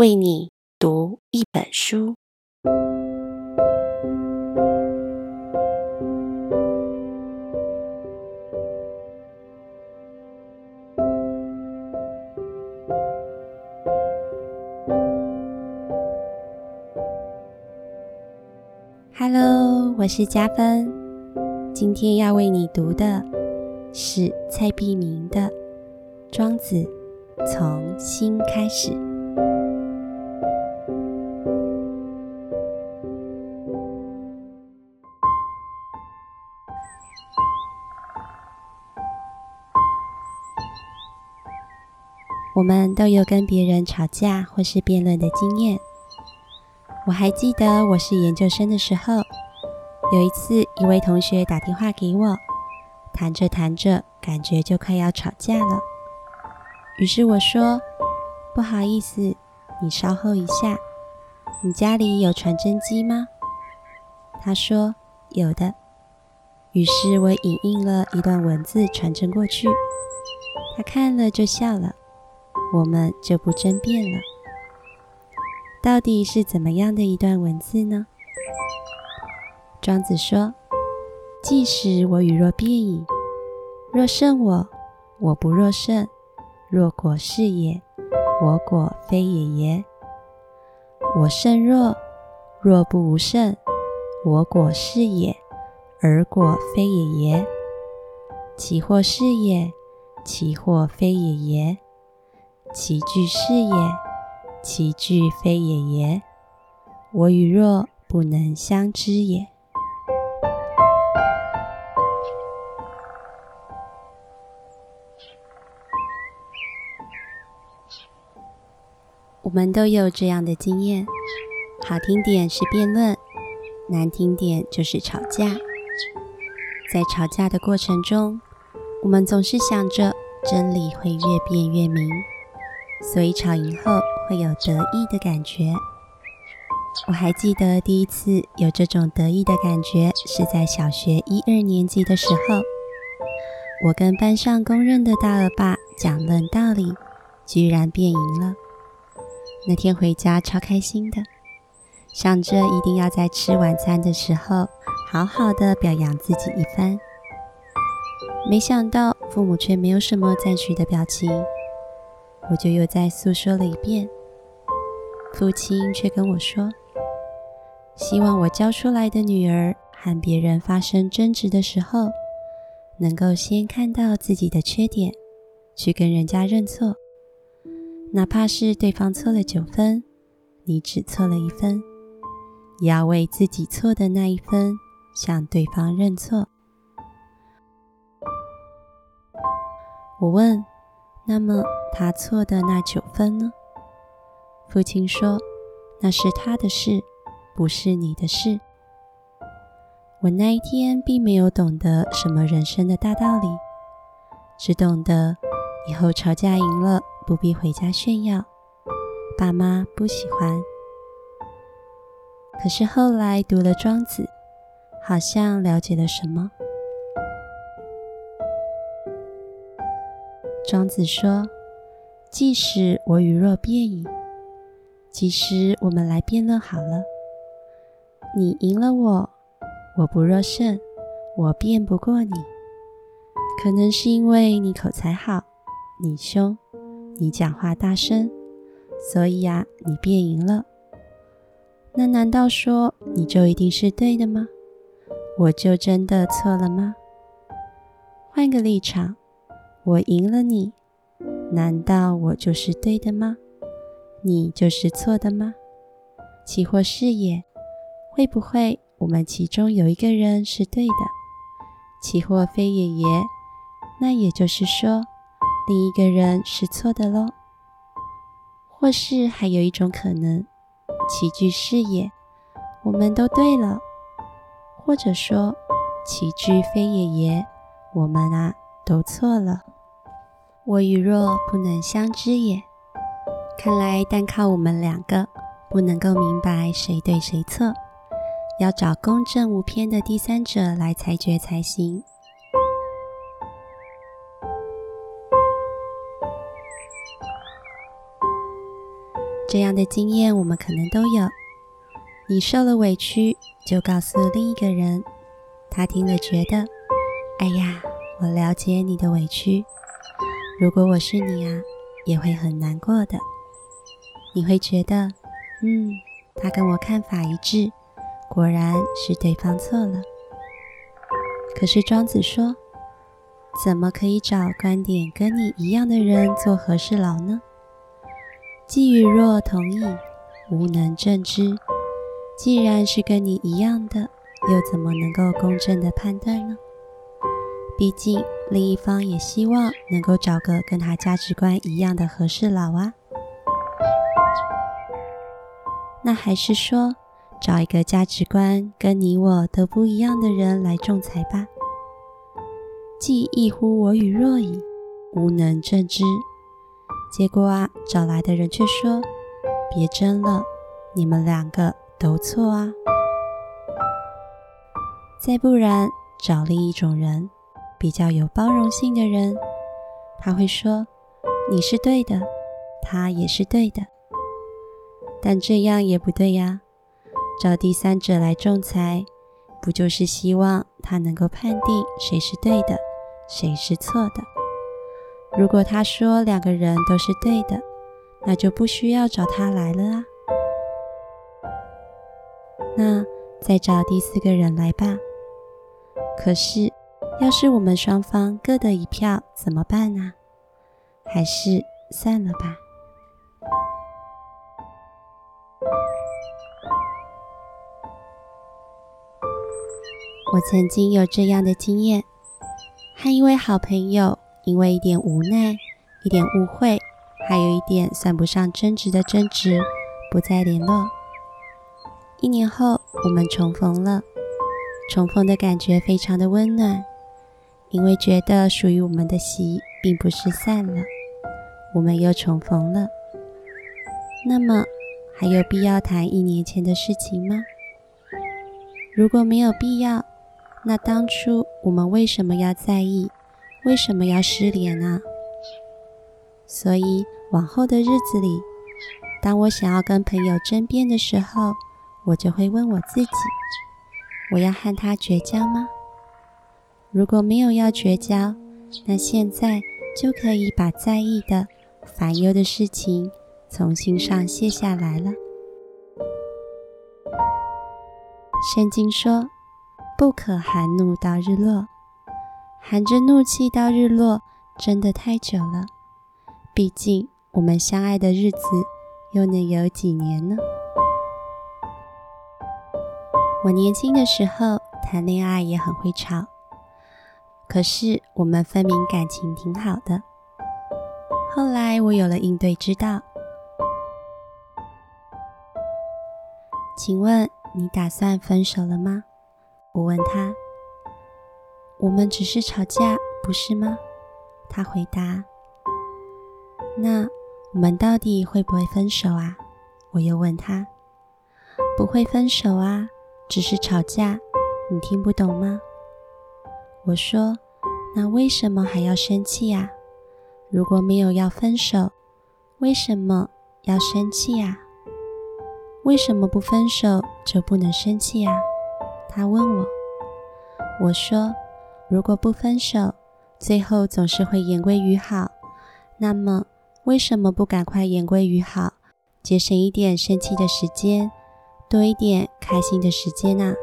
為你讀一本書。Hello，我是佳芬，今天要為你讀的是蔡璧名的《莊子，從心開始》。我們都有跟別人吵架或是辯論的經驗。我還記得我是研究生的時候，有一次一位同學打電話給我，談着談着感覺就快要吵架了，於是我說：“不好意思，你稍候一下。”“你家裡有傳真機嗎？”他說：“有的。”於是我引用了一段文字傳真過去，他看了就笑了。我們就不爭辯了。到底是怎麼樣的一段文字呢？莊子說：“即使我與若辯矣，若勝我，我不若勝；若果是也，我果非也邪；我勝若，若不吾勝；我果是也，而果非也邪。其或是也，其或非也邪。”其俱是也，其俱非也邪？我與若不能相知也。我們都有這樣的經驗，好聽點是辯論，難聽點就是吵架。在吵架的過程中，我們總是想着真理會越辯越明。所以，吵贏後會有得意的感覺。我還記得第一次有這種得意的感覺是在小學一二年級的時候，我跟班上公認的大惡霸講論道理，居然辯贏了。那天回家超開心的，想着一定要在吃晚餐的時候好好的表揚自己一番，沒想到父母卻沒有什麼贊許的表情。我就又再訴說了一遍，父親卻跟我說：“希望我教出來的女兒，和別人發生爭執的時候，能夠先看到自己的缺點，去跟人家認錯。哪怕是對方錯了九分，你只錯了一分，也要為自己錯的那一分向對方認錯。”我問。那麼他錯的那九分呢？父親說：“那是他的事，不是你的事。”我那一天並沒有懂得什麼人生的大道理，只懂得以後吵架贏了不必回家炫耀，爸媽不喜歡。可是後來讀了《莊子》，好像了解了什麼。莊子說：“即使我與若辯矣，其實我們來辯論好了。你贏了我，我不若勝，我辯不過你。可能是因為你口才好，你兇，你講話大聲，所以啊，你辯贏了。那難道說你就一定是對的嗎？我就真的錯了嗎？換個立場。”我贏了你，難道我就是對的嗎？你就是錯的嗎？其或是也，會不會我們其中有一個人是對的？其或非也邪，那也就是說另一個人是錯的嘍？或是還有一種可能，其俱是也，我們都對了；或者說其俱非也邪，我們啊都錯了。我與若不能相知也，看來單靠我們兩個不能夠明白誰對誰錯，要找公正無偏的第三者來裁決才行。這樣的經驗我們可能都有，你受了委屈就告訴另一個人，他聽了覺得，哎呀，我了解你的委屈。如果我是你啊，也會很難過的。你會覺得，嗯，他跟我看法一致，果然是對方錯了。可是莊子說，怎麼可以找觀點跟你一樣的人做和事佬呢？既與若同意，無能正之。既然是跟你一樣的，又怎麼能夠公正的判斷呢？畢竟，另一方也希望能夠找個跟他價值觀一樣的和事佬啊，那還是說找一個價值觀跟你我都不一樣的人來仲裁吧？既異乎我與若矣，惡能正之。結果啊，找來的人卻說：別爭了，你們兩個都錯啊。再不然，找另一種人。比較有包容性的人，他會說：“你是對的，他也是對的，但這樣也不對呀，找第三者來仲裁，不就是希望他能夠判定誰是對的，誰是錯的？如果他說兩個人都是對的，那就不需要找他來了啊。那再找第四個人來吧。可是。”要是我們雙方各得一票怎麼辦呢、啊？還是算了吧。我曾經有這樣的經驗，和一位好朋友因為一點無奈、一點誤會，還有一點算不上爭執的爭執，不再聯絡。一年後，我們重逢了，重逢的感覺非常的溫暖。因為覺得屬於我們的席並不是散了，我們又重逢了。那麼還有必要談一年前的事情嗎？如果沒有必要，那當初我們為什麼要在意？為什麼要失聯啊？所以往後的日子裡，當我想要跟朋友爭辯的時候，我就會問我自己：我要和他絕交嗎？如果沒有要絕交，那現在就可以把在意的、煩憂的事情從心上卸下來了。聖經說：“不可含怒到日落。”含着怒氣到日落，真的太久了。畢竟我們相愛的日子又能有幾年呢？我年輕的時候談戀愛也很會吵。可是我們分明感情挺好的。後來我有了應對之道。請問你打算分手了嗎？我問他。我們只是吵架，不是嗎？他回答。那我們到底會不會分手啊？我又問他。不會分手啊，只是吵架，你聽不懂嗎？我說：“那為什麼還要生氣呀？如果沒有要分手，為什麼要生氣呀？為什麼不分手就不能生氣呀？”他問我。我說：“如果不分手，最後總是會言歸於好，那麼為什麼不趕快言歸於好，節省一點生氣的時間，多一點開心的時間呢？”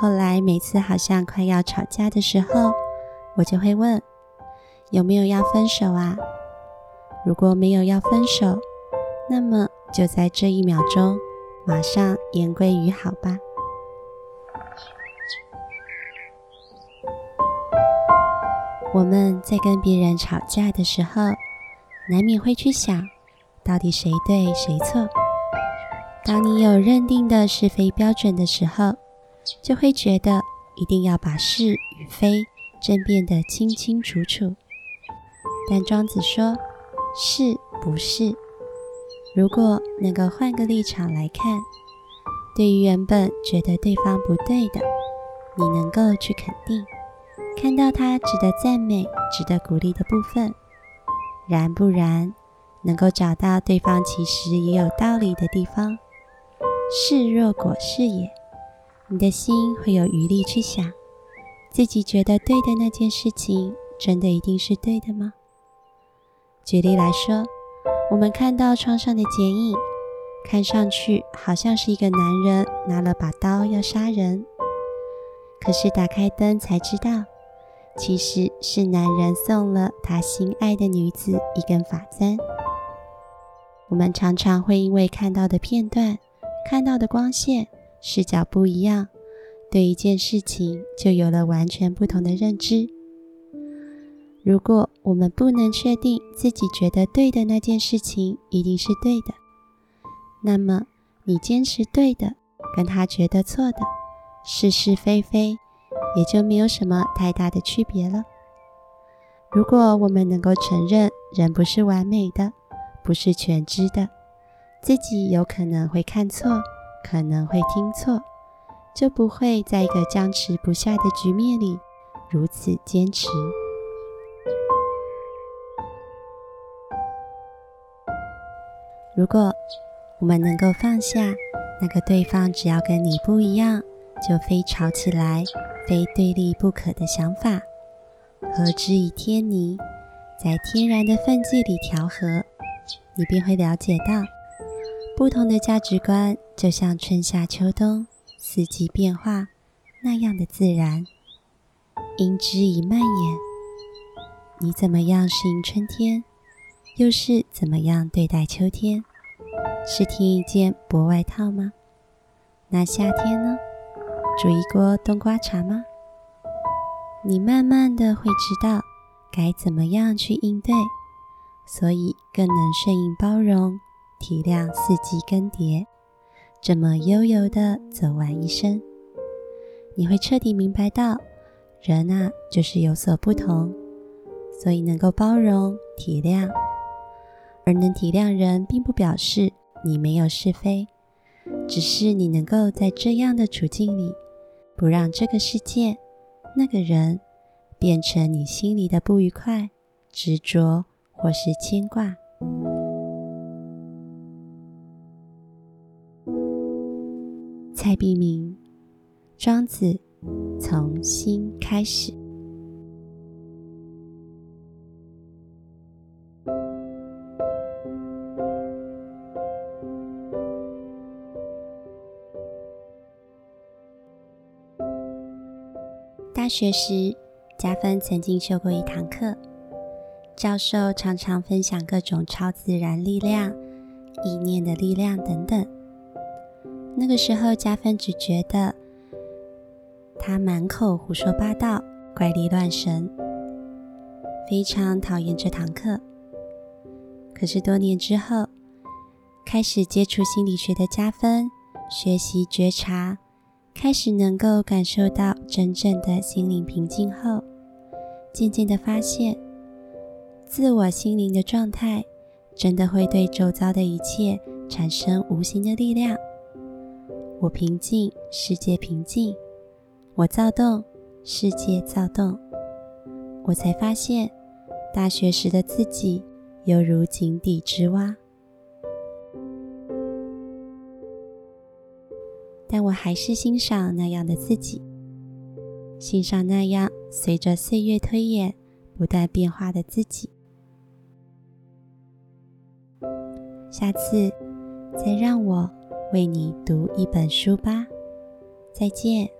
後來每次好像快要吵架的時候，我就會問，有沒有要分手啊？如果沒有要分手，那麼就在這一秒鐘，馬上言歸於好吧。我們在跟別人吵架的時候，難免會去想，到底誰對誰錯。當你有認定的是非標準的時候。就會覺得一定要把是與非爭辯得清清楚楚。但莊子說，是不是？如果能夠換個立場來看，對於原本覺得對方不對的，你能夠去肯定，看到他值得讚美、值得鼓勵的部分，然不然，能夠找到對方其實也有道理的地方，是若果是也。你的心會有餘力去想，自己覺得對的那件事情，真的一定是對的嗎？舉例來說，我們看到窗上的剪影，看上去好像是一個男人拿了把刀要殺人，可是打開燈才知道，其實是男人送了他心愛的女子一根髮簪。我們常常會因為看到的片段，看到的光線，視角不一樣，對一件事情就有了完全不同的認知。如果我們不能確定自己覺得對的那件事情一定是對的，那麼你堅持對的，跟他覺得錯的，是是非非，也就沒有什麼太大的區別了。如果我們能夠承認人不是完美的，不是全知的，自己有可能會看錯。可能會聽錯，就不會在一個僵持不下的局面裡如此堅持。如果我們能夠放下那個對方只要跟你不一樣，就非吵起來，非對立不可的想法，和之以天倪，在天然的分際裡調和，你便會了解到。不同的價值觀，就像春夏秋冬四季變化那樣的自然。因之以蔓延，你怎麼樣適應春天？又是怎麼樣對待秋天？是添一件薄外套嗎？那夏天呢？煮一鍋冬瓜茶嗎？你慢慢的會知道該怎麼樣去應對，所以更能順應包容。體諒四季更迭，這麼悠悠地走完一生，你會徹底明白到，人啊就是有所不同，所以能夠包容體諒。而能體諒人，並不表示你沒有是非，只是你能夠在這樣的處境裡，不讓這個世界那個人變成你心裡的不愉快、執着或是牽掛。蔡璧名，《莊子》從心開始。大學時，家芬曾經修過一堂課，教授常常分享各種超自然力量、意念的力量等等。那個時候，家芬只覺得他滿口胡說八道、怪力亂神，非常討厭這堂課。可是多年之後，開始接觸心理學的家芬，學習覺察，開始能夠感受到真正的心靈平靜後，漸漸的發現，自我心靈的狀態真的會對周遭的一切產生無形的力量。我平靜，世界平靜；我躁動，世界躁動。我才發現，大學時的自己猶如井底之蛙，但我還是欣賞那樣的自己，欣賞那樣隨着歲月推演不斷變化的自己。下次再讓我。為你讀一本書吧，再見。